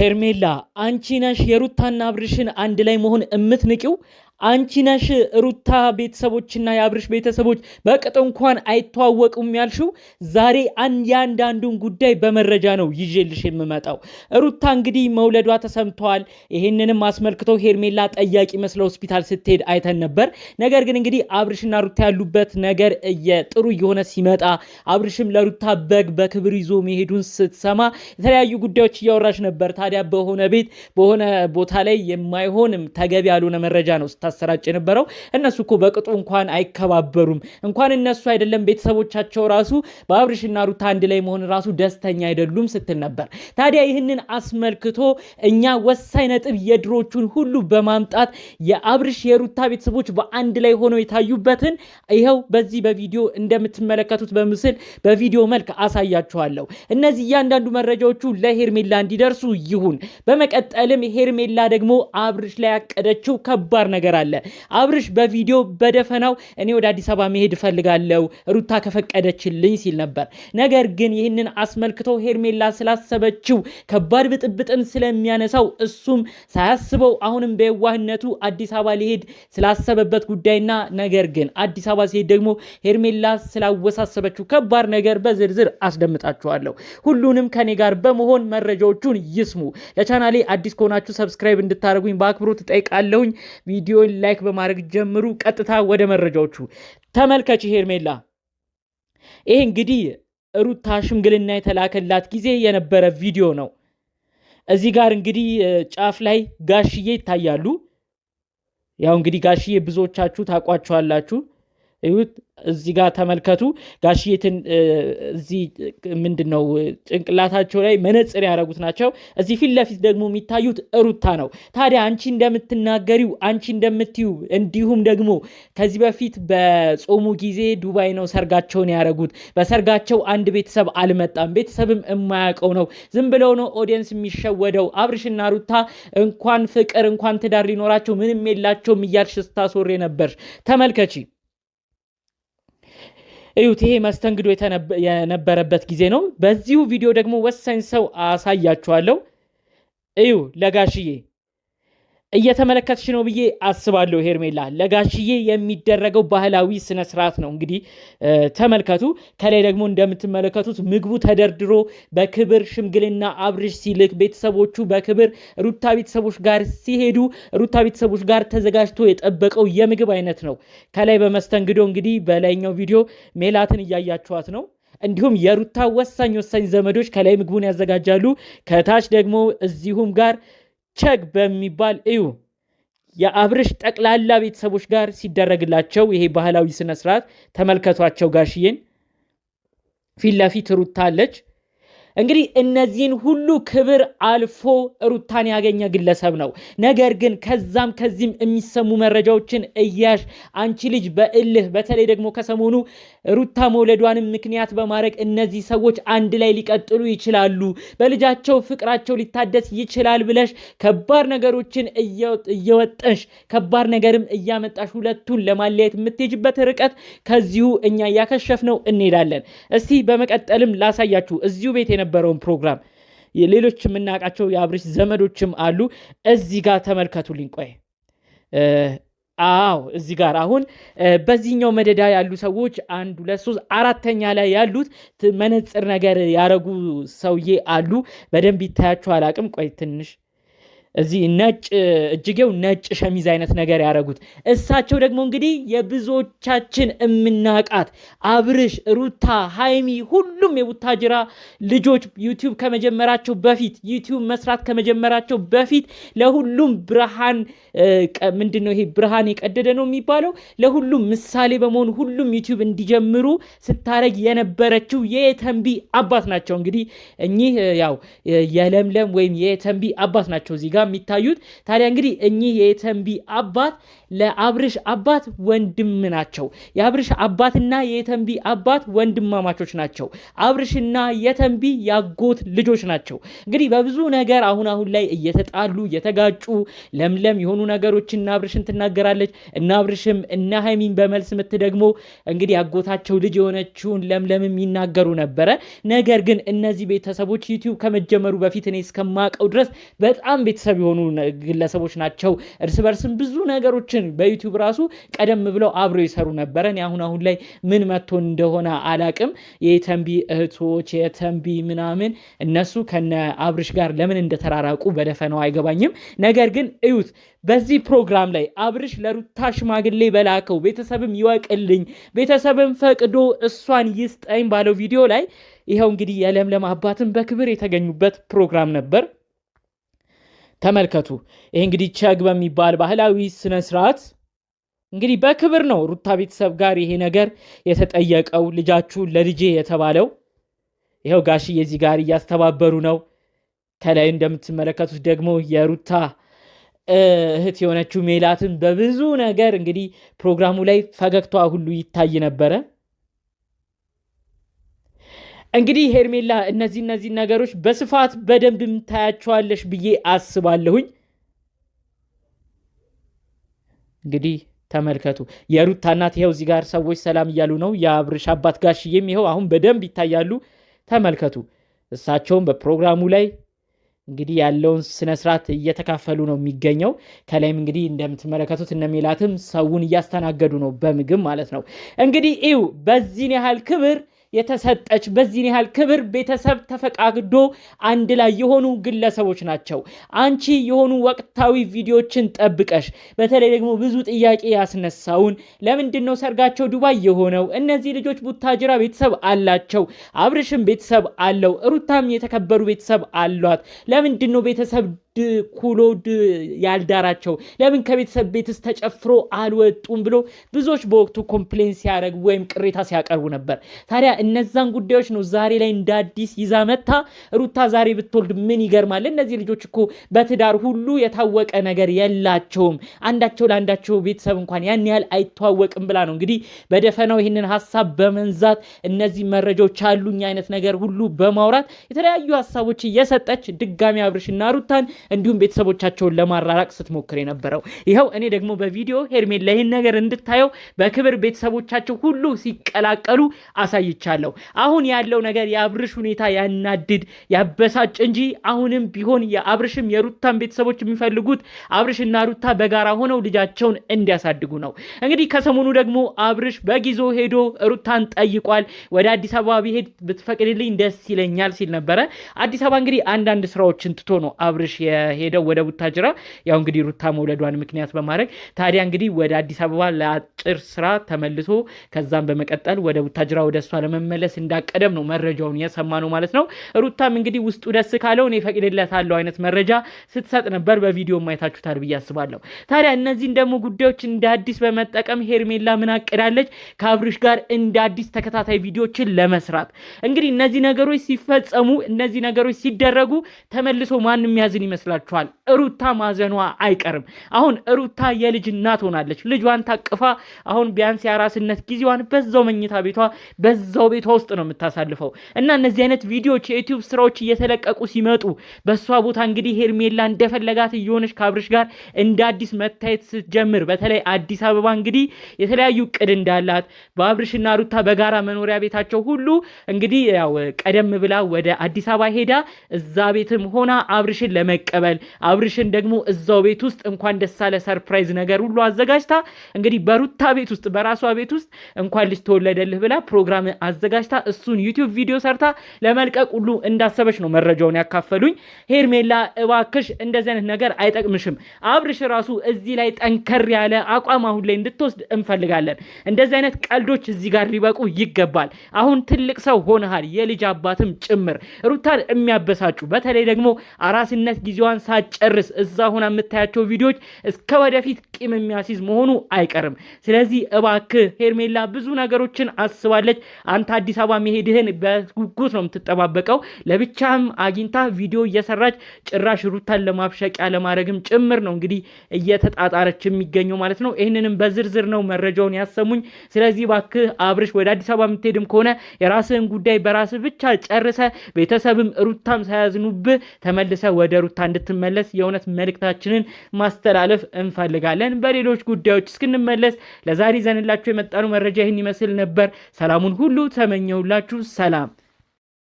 ሄርሜላ አንቺ ነሽ የሩታና አብርሽን አንድ ላይ መሆን እምትንቂው አንቺ ነሽ ሩታ ቤተሰቦችና የአብርሽ ቤተሰቦች በቅጥ እንኳን አይተዋወቁም ያልሽው ዛሬ የአንዳንዱን ጉዳይ በመረጃ ነው ይዤልሽ የምመጣው። ሩታ እንግዲህ መውለዷ ተሰምተዋል። ይህንንም አስመልክቶ ሄርሜላ ጠያቂ መስለ ሆስፒታል ስትሄድ አይተን ነበር። ነገር ግን እንግዲህ አብርሽና ሩታ ያሉበት ነገር ጥሩ እየሆነ ሲመጣ አብርሽም ለሩታ በግ በክብር ይዞ መሄዱን ስትሰማ የተለያዩ ጉዳዮች እያወራች ነበር። ታዲያ በሆነ ቤት በሆነ ቦታ ላይ የማይሆንም ተገቢ ያልሆነ መረጃ ነው ስታሰራጭ የነበረው እነሱ እኮ በቅጡ እንኳን አይከባበሩም። እንኳን እነሱ አይደለም ቤተሰቦቻቸው ራሱ በአብርሽና ሩታ አንድ ላይ መሆን ራሱ ደስተኛ አይደሉም ስትል ነበር። ታዲያ ይህንን አስመልክቶ እኛ ወሳኝ ነጥብ የድሮቹን ሁሉ በማምጣት የአብርሽ የሩታ ቤተሰቦች በአንድ ላይ ሆነው የታዩበትን ይኸው በዚህ በቪዲዮ እንደምትመለከቱት በምስል በቪዲዮ መልክ አሳያችኋለሁ። እነዚህ እያንዳንዱ መረጃዎቹ ለሄርሜላ እንዲደርሱ ይሁን። በመቀጠልም ሄርሜላ ደግሞ አብርሽ ላይ ያቀደችው ከባድ ነገር ነገር አለ። አብርሽ በቪዲዮ በደፈናው እኔ ወደ አዲስ አበባ መሄድ እፈልጋለሁ ሩታ ከፈቀደችልኝ ሲል ነበር። ነገር ግን ይህንን አስመልክቶ ሄርሜላ ስላሰበችው ከባድ ብጥብጥን ስለሚያነሳው እሱም ሳያስበው አሁንም በየዋህነቱ አዲስ አበባ ሊሄድ ስላሰበበት ጉዳይና ነገር ግን አዲስ አበባ ሲሄድ ደግሞ ሄርሜላ ስላወሳሰበችው ከባድ ነገር በዝርዝር አስደምጣችኋለሁ። ሁሉንም ከኔ ጋር በመሆን መረጃዎቹን ይስሙ። ለቻናሌ አዲስ ከሆናችሁ ሰብስክራይብ እንድታደርጉኝ በአክብሮት እጠይቃለሁኝ ቪዲዮ ቪዲዮን ላይክ በማድረግ ጀምሩ። ቀጥታ ወደ መረጃዎቹ ተመልከች። ሄርሜላ ይህ እንግዲህ ሩታ ሽምግልና የተላከላት ጊዜ የነበረ ቪዲዮ ነው። እዚህ ጋር እንግዲህ ጫፍ ላይ ጋሽዬ ይታያሉ። ያው እንግዲህ ጋሽዬ ብዙዎቻችሁ ታውቋቸዋላችሁ። ይሁት እዚህ ጋር ተመልከቱ። ጋሽየትን እዚ ምንድን ነው ጭንቅላታቸው ላይ መነጽር ያደረጉት ናቸው። እዚህ ፊት ለፊት ደግሞ የሚታዩት ሩታ ነው። ታዲያ አንቺ እንደምትናገሪው አንቺ እንደምትዩ እንዲሁም ደግሞ ከዚህ በፊት በጾሙ ጊዜ ዱባይ ነው ሰርጋቸውን ያደረጉት። በሰርጋቸው አንድ ቤተሰብ አልመጣም፣ ቤተሰብም የማያውቀው ነው። ዝም ብለው ነው ኦዲየንስ የሚሸወደው። አብርሽና ሩታ እንኳን ፍቅር እንኳን ትዳር ሊኖራቸው ምንም የላቸውም እያልሽ ስታስወሬ ነበር። ተመልከቺ እዩት። ይሄ መስተንግዶ የነበረበት ጊዜ ነው። በዚሁ ቪዲዮ ደግሞ ወሳኝ ሰው አሳያችኋለሁ። እዩ ለጋሽዬ እየተመለከትሽ ነው ብዬ አስባለሁ። ሄርሜላ ለጋሽዬ የሚደረገው ባህላዊ ስነስርዓት ነው እንግዲህ ተመልከቱ። ከላይ ደግሞ እንደምትመለከቱት ምግቡ ተደርድሮ በክብር ሽምግልና አብርሽ ሲልክ ቤተሰቦቹ በክብር ሩታ ቤተሰቦች ጋር ሲሄዱ ሩታ ቤተሰቦች ጋር ተዘጋጅቶ የጠበቀው የምግብ አይነት ነው። ከላይ በመስተንግዶ እንግዲህ በላይኛው ቪዲዮ ሜላትን እያያችኋት ነው። እንዲሁም የሩታ ወሳኝ ወሳኝ ዘመዶች ከላይ ምግቡን ያዘጋጃሉ። ከታች ደግሞ እዚሁም ጋር ቸግ በሚባል እዩ የአብርሽ ጠቅላላ ቤተሰቦች ጋር ሲደረግላቸው ይሄ ባህላዊ ስነ ስርዓት ተመልከቷቸው። ጋሽዬን ፊት ለፊት ሩታ አለች። እንግዲህ እነዚህን ሁሉ ክብር አልፎ ሩታን ያገኘ ግለሰብ ነው። ነገር ግን ከዛም ከዚህም የሚሰሙ መረጃዎችን እያሽ አንቺ ልጅ በእልህ በተለይ ደግሞ ከሰሞኑ ሩታ መውለዷንም ምክንያት በማድረግ እነዚህ ሰዎች አንድ ላይ ሊቀጥሉ ይችላሉ፣ በልጃቸው ፍቅራቸው ሊታደስ ይችላል ብለሽ ከባድ ነገሮችን እየወጠንሽ ከባድ ነገርም እያመጣሽ ሁለቱን ለማለየት የምትሄጅበት ርቀት ከዚሁ እኛ እያከሸፍ ነው እንሄዳለን። እስቲ በመቀጠልም ላሳያችሁ እዚሁ ቤት የነበረውን ፕሮግራም። ሌሎች የምናውቃቸው የአብርሽ ዘመዶችም አሉ። እዚህ ጋር ተመልከቱልኝ ቆይ አዎ እዚህ ጋር አሁን በዚህኛው መደዳ ያሉ ሰዎች አንድ ሁለት ሶስት አራተኛ ላይ ያሉት መነፅር ነገር ያረጉ ሰውዬ አሉ። በደንብ ይታያችሁ አላቅም። ቆይ ትንሽ እዚህ ነጭ እጅጌው ነጭ ሸሚዝ አይነት ነገር ያደረጉት እሳቸው ደግሞ እንግዲህ የብዙዎቻችን እምናቃት አብርሽ፣ ሩታ፣ ሃይሚ ሁሉም የቡታጅራ ልጆች ዩቲዩብ ከመጀመራቸው በፊት ዩቲዩብ መስራት ከመጀመራቸው በፊት ለሁሉም ብርሃን ምንድን ነው ይሄ ብርሃን የቀደደ ነው የሚባለው ለሁሉም ምሳሌ በመሆኑ ሁሉም ዩቲዩብ እንዲጀምሩ ስታደረግ የነበረችው የተንቢ አባት ናቸው። እንግዲህ እኚህ ያው የለምለም ወይም የተንቢ አባት ናቸው እዚህ ጋር የሚታዩት። ታዲያ እንግዲህ እኚህ የተንቢ አባት ለአብርሽ አባት ወንድም ናቸው። የአብርሽ አባትና የተንቢ አባት ወንድማማቾች ናቸው። አብርሽና የተንቢ ያጎት ልጆች ናቸው። እንግዲህ በብዙ ነገር አሁን አሁን ላይ እየተጣሉ እየተጋጩ ለምለም የሆኑ ነገሮችን እና አብርሽን ትናገራለች እና አብርሽም እና ሀይሚን በመልስ ምት ደግሞ እንግዲህ ያጎታቸው ልጅ የሆነችውን ለምለምም ይናገሩ ነበረ። ነገር ግን እነዚህ ቤተሰቦች ዩቲዩብ ከመጀመሩ በፊት እኔ እስከማቀው ድረስ በጣም ቤተሰብ የሆኑ ግለሰቦች ናቸው። እርስ በርስም ብዙ ነገሮች ሰዎችን በዩቲዩብ ራሱ ቀደም ብለው አብረው ይሰሩ ነበረ። እኔ አሁን አሁን ላይ ምን መጥቶ እንደሆነ አላቅም። የተንቢ እህቶች የተንቢ ምናምን እነሱ ከነ አብርሽ ጋር ለምን እንደተራራቁ በደፈነው አይገባኝም። ነገር ግን እዩት በዚህ ፕሮግራም ላይ አብርሽ ለሩታ ሽማግሌ በላከው ቤተሰብም ይወቅልኝ ቤተሰብም ፈቅዶ እሷን ይስጠኝ ባለው ቪዲዮ ላይ ይኸው እንግዲህ የለምለም አባትን በክብር የተገኙበት ፕሮግራም ነበር። ተመልከቱ። ይህ እንግዲህ ቸግ በሚባል ባህላዊ ስነስርዓት እንግዲህ በክብር ነው ሩታ ቤተሰብ ጋር ይሄ ነገር የተጠየቀው። ልጃችሁ ለልጄ የተባለው ይኸው ጋሽዬ እዚህ ጋር እያስተባበሩ ነው። ከላይ እንደምትመለከቱት ደግሞ የሩታ እህት የሆነችው ሜላትን በብዙ ነገር እንግዲህ ፕሮግራሙ ላይ ፈገግቷ ሁሉ ይታይ ነበረ። እንግዲህ ሄርሜላ እነዚህ እነዚህ ነገሮች በስፋት በደንብ የምታያቸዋለሽ ብዬ አስባለሁኝ። እንግዲህ ተመልከቱ የሩታ እናት ይኸው እዚህ ጋር ሰዎች ሰላም እያሉ ነው። የአብርሽ አባት ጋሽዬም ይኸው አሁን በደንብ ይታያሉ። ተመልከቱ እሳቸውም በፕሮግራሙ ላይ እንግዲህ ያለውን ስነስርዓት እየተካፈሉ ነው የሚገኘው። ከላይም እንግዲህ እንደምትመለከቱት እነሜላትም ሰውን እያስተናገዱ ነው በምግብ ማለት ነው። እንግዲህ ይው በዚህን ያህል ክብር የተሰጠች በዚህን ያህል ክብር ቤተሰብ ተፈቃግዶ አንድ ላይ የሆኑ ግለሰቦች ናቸው። አንቺ የሆኑ ወቅታዊ ቪዲዮችን ጠብቀሽ በተለይ ደግሞ ብዙ ጥያቄ ያስነሳውን ለምንድን ነው ሰርጋቸው ዱባይ የሆነው? እነዚህ ልጆች ቡታጅራ ቤተሰብ አላቸው፣ አብርሽም ቤተሰብ አለው፣ ሩታም የተከበሩ ቤተሰብ አሏት። ለምንድን ነው ቤተሰብ ኩሎድ ያልዳራቸው ለምን ከቤተሰብ ቤትስ ተጨፍሮ አልወጡም ብሎ ብዙዎች በወቅቱ ኮምፕሌን ሲያደርጉ ወይም ቅሬታ ሲያቀርቡ ነበር። ታዲያ እነዛን ጉዳዮች ነው ዛሬ ላይ እንደ አዲስ ይዛ መታ ሩታ ዛሬ ብትወልድ ምን ይገርማል? እነዚህ ልጆች እኮ በትዳር ሁሉ የታወቀ ነገር የላቸውም፣ አንዳቸው ለአንዳቸው ቤተሰብ እንኳን ያን ያህል አይተዋወቅም ብላ ነው እንግዲህ በደፈናው ይህንን ሀሳብ በመንዛት እነዚህ መረጃዎች አሉኝ አይነት ነገር ሁሉ በማውራት የተለያዩ ሀሳቦች እየሰጠች ድጋሚ አብርሽና ሩታን እንዲሁም ቤተሰቦቻቸውን ለማራራቅ ስትሞክር የነበረው። ይኸው እኔ ደግሞ በቪዲዮ ሄርሜላ ይህን ነገር እንድታየው በክብር ቤተሰቦቻቸው ሁሉ ሲቀላቀሉ አሳይቻለሁ። አሁን ያለው ነገር የአብርሽ ሁኔታ ያናድድ ያበሳጭ እንጂ አሁንም ቢሆን የአብርሽም የሩታን ቤተሰቦች የሚፈልጉት አብርሽና ሩታ በጋራ ሆነው ልጃቸውን እንዲያሳድጉ ነው። እንግዲህ ከሰሞኑ ደግሞ አብርሽ በጊዞ ሄዶ ሩታን ጠይቋል። ወደ አዲስ አበባ ብሄድ ብትፈቅድልኝ ደስ ይለኛል ሲል ነበረ። አዲስ አበባ እንግዲህ አንዳንድ ስራዎችን ትቶ ነው አብርሽ ሄደው ወደ ቡታጅራ ያው እንግዲህ ሩታ መውለዷን ምክንያት በማድረግ ታዲያ እንግዲህ ወደ አዲስ አበባ ለአጭር ስራ ተመልሶ ከዛም በመቀጠል ወደ ቡታጅራ ወደ እሷ ለመመለስ እንዳቀደም ነው መረጃውን የሰማ ነው ማለት ነው። ሩታም እንግዲህ ውስጡ ደስ ካለው እኔ ፈቅድለታለሁ አይነት መረጃ ስትሰጥ ነበር። በቪዲዮ ማየታችሁታል ብዬ አስባለሁ። ታዲያ እነዚህን ደግሞ ጉዳዮች እንደ አዲስ በመጠቀም ሄርሜላ ምን አቅዳለች ከአብርሽ ጋር እንደ አዲስ ተከታታይ ቪዲዮችን ለመስራት እንግዲህ እነዚህ ነገሮች ሲፈጸሙ እነዚህ ነገሮች ሲደረጉ ተመልሶ ማንም ያዝን ይመስላል ይመስላችኋል? ሩታ ማዘኗ አይቀርም። አሁን ሩታ የልጅ እናት ሆናለች። ልጇን ታቅፋ አሁን ቢያንስ የአራስነት ጊዜዋን በዛው መኝታ ቤቷ በዛው ቤቷ ውስጥ ነው የምታሳልፈው እና እነዚህ አይነት ቪዲዮዎች የዩቲዩብ ስራዎች እየተለቀቁ ሲመጡ በእሷ ቦታ እንግዲህ ሄርሜላ እንደፈለጋት እየሆነች ከአብርሽ ጋር እንደ አዲስ መታየት ስትጀምር በተለይ አዲስ አበባ እንግዲህ የተለያዩ እቅድ እንዳላት በአብርሽና ሩታ በጋራ መኖሪያ ቤታቸው ሁሉ እንግዲህ ያው ቀደም ብላ ወደ አዲስ አበባ ሄዳ እዛ ቤትም ሆና አብርሽን ለመ መቀበል አብርሽን ደግሞ እዛው ቤት ውስጥ እንኳን ደሳለ ሰርፕራይዝ ነገር ሁሉ አዘጋጅታ እንግዲህ በሩታ ቤት ውስጥ በራሷ ቤት ውስጥ እንኳን ልጅ ተወለደልህ ብላ ፕሮግራም አዘጋጅታ እሱን ዩቲዩብ ቪዲዮ ሰርታ ለመልቀቅ ሁሉ እንዳሰበች ነው መረጃውን ያካፈሉኝ። ሄርሜላ እባክሽ እንደዚህ አይነት ነገር አይጠቅምሽም። አብርሽ ራሱ እዚህ ላይ ጠንከር ያለ አቋም አሁን ላይ እንድትወስድ እንፈልጋለን። እንደዚህ አይነት ቀልዶች እዚህ ጋር ሊበቁ ይገባል። አሁን ትልቅ ሰው ሆነሃል፣ የልጅ አባትም ጭምር ሩታን የሚያበሳጩ በተለይ ደግሞ አራስነት ጊዜ ጊዜዋን ሳጨርስ እዛ ሆና የምታያቸው ቪዲዮዎች እስከ ወደፊት ቂም የሚያስይዝ መሆኑ አይቀርም። ስለዚህ እባክህ ሄርሜላ ብዙ ነገሮችን አስባለች። አንተ አዲስ አበባ መሄድህን በጉጉት ነው የምትጠባበቀው። ለብቻም አግኝታ ቪዲዮ እየሰራች ጭራሽ ሩታን ለማብሸቂያ ለማድረግም ጭምር ነው እንግዲህ እየተጣጣረች የሚገኘው ማለት ነው። ይህንንም በዝርዝር ነው መረጃውን ያሰሙኝ። ስለዚህ እባክህ አብርሽ ወደ አዲስ አበባ የምትሄድም ከሆነ የራስህን ጉዳይ በራስህ ብቻ ጨርሰ ቤተሰብም ሩታም ሳያዝኑብህ ተመልሰ ወደ ሩታ እንድትመለስ የእውነት መልእክታችንን ማስተላለፍ እንፈልጋለን። በሌሎች ጉዳዮች እስክንመለስ ለዛሬ ይዘንላችሁ የመጣነው መረጃ ይህን ይመስል ነበር። ሰላሙን ሁሉ ተመኘውላችሁ ሰላም